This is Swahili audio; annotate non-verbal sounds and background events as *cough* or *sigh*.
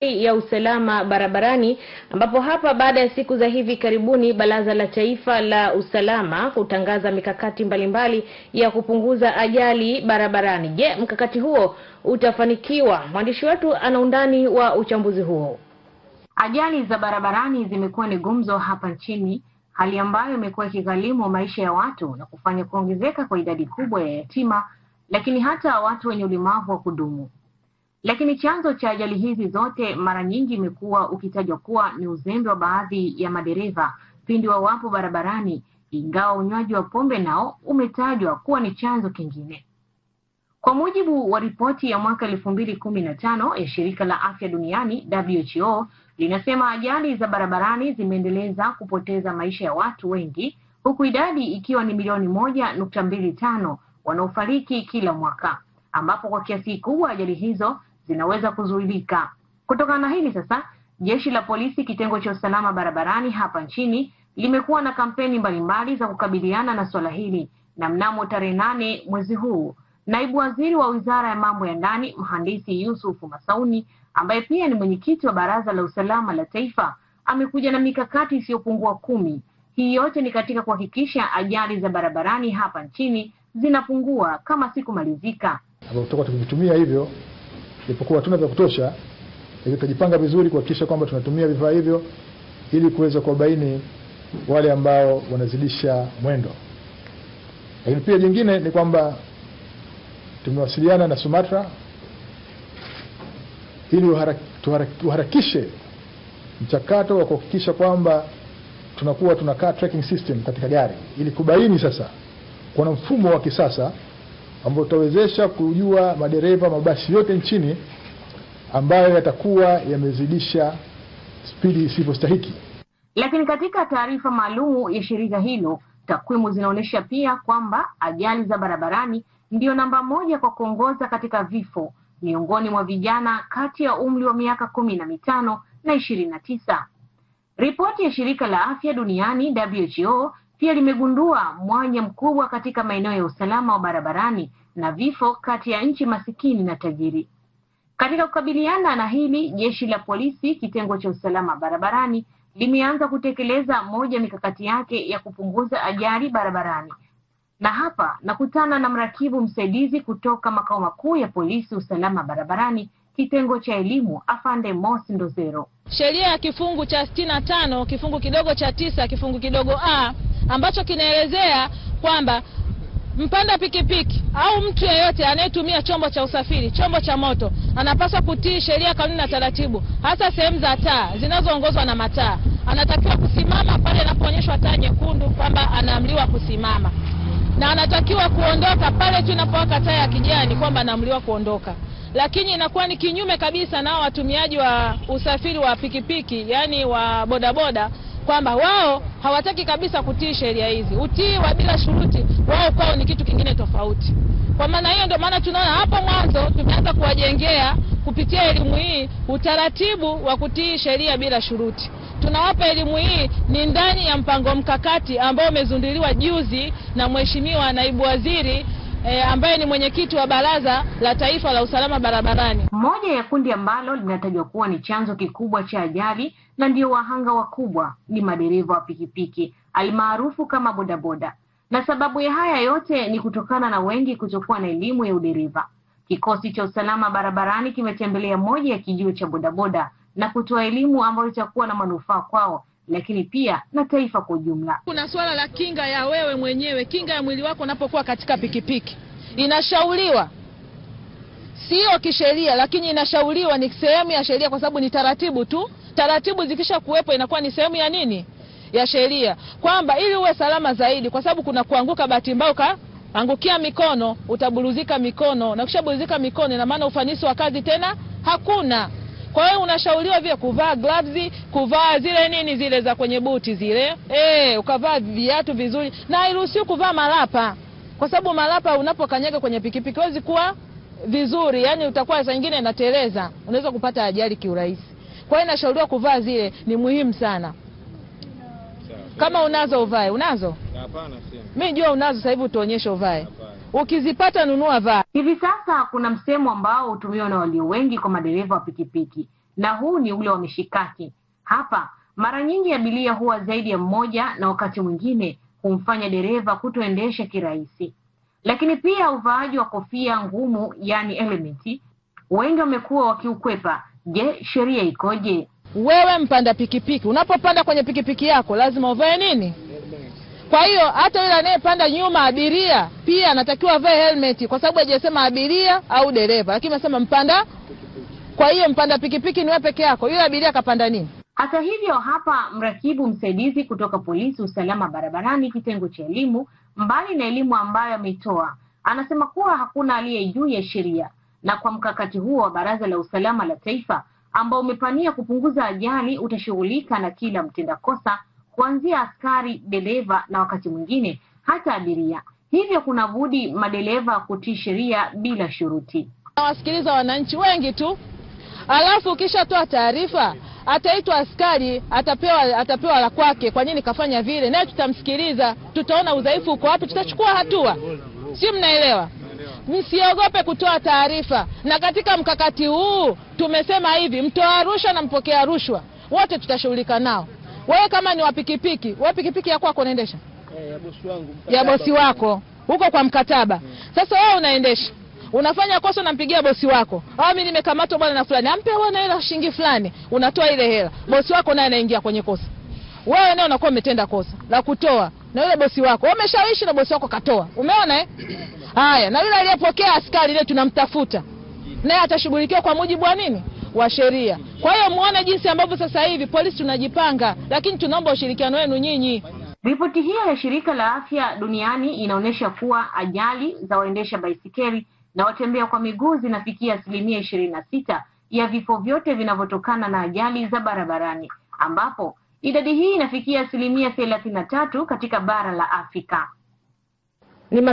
ya usalama barabarani ambapo hapa baada ya siku za hivi karibuni Baraza la Taifa la Usalama kutangaza mikakati mbalimbali ya kupunguza ajali barabarani. Je, mkakati huo utafanikiwa? Mwandishi wetu ana undani wa uchambuzi huo. Ajali za barabarani zimekuwa ni gumzo hapa nchini, hali ambayo imekuwa ikigharimu maisha ya watu na kufanya kuongezeka kwa idadi kubwa ya yatima, lakini hata watu wenye ulemavu wa kudumu. Lakini chanzo cha ajali hizi zote mara nyingi imekuwa ukitajwa kuwa ni uzembe wa baadhi ya madereva pindi wawapo barabarani, ingawa unywaji wa pombe nao umetajwa kuwa ni chanzo kingine. Kwa mujibu wa ripoti ya mwaka elfu mbili kumi na tano ya shirika la afya duniani WHO linasema ajali za barabarani zimeendeleza kupoteza maisha ya watu wengi, huku idadi ikiwa ni milioni moja nukta mbili tano wanaofariki kila mwaka, ambapo kwa kiasi kikubwa ajali hizo zinaweza kuzuilika. Kutokana na hili sasa, jeshi la polisi kitengo cha usalama barabarani hapa nchini limekuwa na kampeni mbalimbali za kukabiliana na swala hili, na mnamo tarehe nane mwezi huu naibu waziri wa wizara ya mambo ya ndani mhandisi Yusufu Masauni ambaye pia ni mwenyekiti wa baraza la usalama la taifa amekuja na mikakati isiyopungua kumi. Hii yote ni katika kuhakikisha ajali za barabarani hapa nchini zinapungua kama sikumalizika. Tumekutumia hivyo Ilipokuwa hatuna vya kutosha, tutajipanga vizuri kuhakikisha kwamba tunatumia vifaa hivyo ili kuweza kuwabaini wale ambao wanazidisha mwendo. Lakini pia jingine ni kwamba tumewasiliana na Sumatra ili tuharakishe mchakato wa kuhakikisha kwamba tunakuwa tunakaa tracking system katika gari ili kubaini sasa kuna mfumo wa kisasa ambao tutawezesha kujua madereva mabasi yote nchini ambayo yatakuwa yamezidisha spidi isivyostahiki. Lakini katika taarifa maalum ya shirika hilo, takwimu zinaonyesha pia kwamba ajali za barabarani ndiyo namba moja kwa kuongoza katika vifo miongoni mwa vijana kati ya umri wa miaka kumi na mitano na ishirini na tisa. Ripoti ya shirika la afya duniani WHO pia limegundua mwanya mkubwa katika maeneo ya usalama wa barabarani na vifo kati ya nchi masikini na tajiri. Katika kukabiliana na hili, jeshi la polisi kitengo cha usalama barabarani limeanza kutekeleza moja mikakati yake ya kupunguza ajali barabarani, na hapa nakutana na mrakibu msaidizi kutoka makao makuu ya polisi usalama barabarani kitengo cha elimu afande Mos Ndozero. Sheria ya kifungu cha sitini na tano kifungu kidogo cha tisa kifungu kidogo a ambacho kinaelezea kwamba mpanda pikipiki au mtu yeyote anayetumia chombo cha usafiri, chombo cha moto, anapaswa kutii sheria, kanuni na taratibu, hasa sehemu za taa zinazoongozwa na mataa. Anatakiwa kusimama pale anapoonyeshwa taa nyekundu kwamba anaamriwa kusimama, na anatakiwa kuondoka pale tu inapowaka taa ya kijani kwamba anaamriwa kuondoka. Lakini inakuwa ni kinyume kabisa nao watumiaji wa usafiri wa pikipiki, yani wa bodaboda kwamba wao hawataki kabisa kutii sheria hizi. Utii wa bila shuruti wao kwao ni kitu kingine tofauti. Kwa maana hiyo, ndio maana tunaona hapo mwanzo tumeanza kuwajengea kupitia elimu hii utaratibu wa kutii sheria bila shuruti. Tunawapa elimu hii, ni ndani ya mpango mkakati ambao umezunduliwa juzi na Mheshimiwa Naibu Waziri e, ambaye ni mwenyekiti wa Baraza la Taifa la Usalama Barabarani. Moja ya kundi ambalo linatajwa kuwa ni chanzo kikubwa cha ajali na ndio wahanga wakubwa ni madereva wa pikipiki almaarufu kama bodaboda, na sababu ya haya yote ni kutokana na wengi kutokuwa na elimu ya udereva. Kikosi cha usalama barabarani kimetembelea moja ya kijio cha bodaboda na kutoa elimu ambayo itakuwa na manufaa kwao lakini pia na taifa kwa ujumla. Kuna suala la kinga ya wewe mwenyewe, kinga ya mwili wako unapokuwa katika pikipiki. Inashauriwa, sio kisheria, lakini inashauriwa, ni sehemu ya sheria, kwa sababu ni taratibu tu. Taratibu zikisha kuwepo inakuwa ni sehemu ya nini, ya sheria, kwamba ili uwe salama zaidi, kwa sababu kuna kuanguka bahati mbaya angukia mikono, utaburuzika mikono, na ukishaburuzika mikono, ina maana ufanisi wa kazi tena hakuna. Kwa hiyo unashauriwa vile kuvaa gloves, kuvaa zile nini zile za kwenye buti zile e, ukavaa viatu vizuri, na hairuhusiwi kuvaa malapa, kwa sababu malapa unapokanyaga kwenye pikipiki huwezi kuwa vizuri, yani utakuwa saa nyingine inateleza, unaweza kupata ajali kiurahisi. Kwa hiyo inashauriwa kuvaa zile, ni muhimu sana. Kama unazo uvae, unazo? Hapana, sina. Mimi jua unazo sasa hivi, utuonyeshe uvae ukizipata nunua vaa. Hivi sasa kuna msemo ambao hutumiwa na walio wengi kwa madereva wa pikipiki, na huu ni ule wa mishikaki. Hapa mara nyingi abiria huwa zaidi ya mmoja, na wakati mwingine humfanya dereva kutoendesha kirahisi. Lakini pia uvaaji wa kofia ngumu, yani helmeti, wengi wamekuwa wakiukwepa. Je, sheria ikoje? Wewe mpanda pikipiki, unapopanda kwenye pikipiki yako lazima uvae nini? Kwa hiyo hata yule anayepanda nyuma abiria pia anatakiwa avae helmeti, kwa sababu hajasema abiria au dereva, lakini amesema mpanda. Kwa hiyo mpanda pikipiki ni wewe peke yako, yule abiria akapanda nini? Hata hivyo, hapa mrakibu msaidizi kutoka polisi usalama barabarani kitengo cha elimu, mbali na elimu ambayo ametoa, anasema kuwa hakuna aliye juu ya sheria, na kwa mkakati huo wa Baraza la Usalama la Taifa ambao umepania kupunguza ajali utashughulika na kila mtenda kosa kuanzia askari, dereva na wakati mwingine hata abiria. Hivyo kuna budi madereva kutii sheria bila shuruti. Nawasikiliza wananchi wengi tu, alafu ukishatoa taarifa ataitwa askari, atapewa atapewa la kwake, kwa nini kafanya vile, naye tutamsikiliza, tutaona udhaifu uko wapi, tutachukua hatua, si mnaelewa? Msiogope kutoa taarifa. Na katika mkakati huu tumesema hivi, mtoa rushwa na mpokea rushwa wote tutashughulika nao. Wewe kama ni wapikipiki, wewe pikipiki yako yako unaendesha eh, ya bosi wangu, ya bosi wako huko kwa mkataba hmm. Sasa wewe unaendesha unafanya kosa, unampigia bosi wako, au ah, mimi nimekamatwa bwana na fulani, ampe wewe na hela shilingi fulani, unatoa ile hela, bosi wako naye anaingia kwenye kosa. Wewe naye unakuwa umetenda kosa la kutoa na yule bosi wako wewe umeshawishi, na bosi wako katoa. Umeona eh? *coughs* Haya, na yule aliyepokea askari ile tunamtafuta naye atashughulikiwa kwa mujibu wa nini? wa sheria. Kwa hiyo muone jinsi ambavyo sasa hivi polisi tunajipanga, lakini tunaomba ushirikiano wenu nyinyi. Ripoti hiyo ya shirika la afya duniani inaonyesha kuwa ajali za waendesha baisikeli na watembea kwa miguu zinafikia asilimia ishirini na sita ya vifo vyote vinavyotokana na ajali za barabarani ambapo idadi hii inafikia asilimia thelathini na tatu katika bara la Afrika. Ni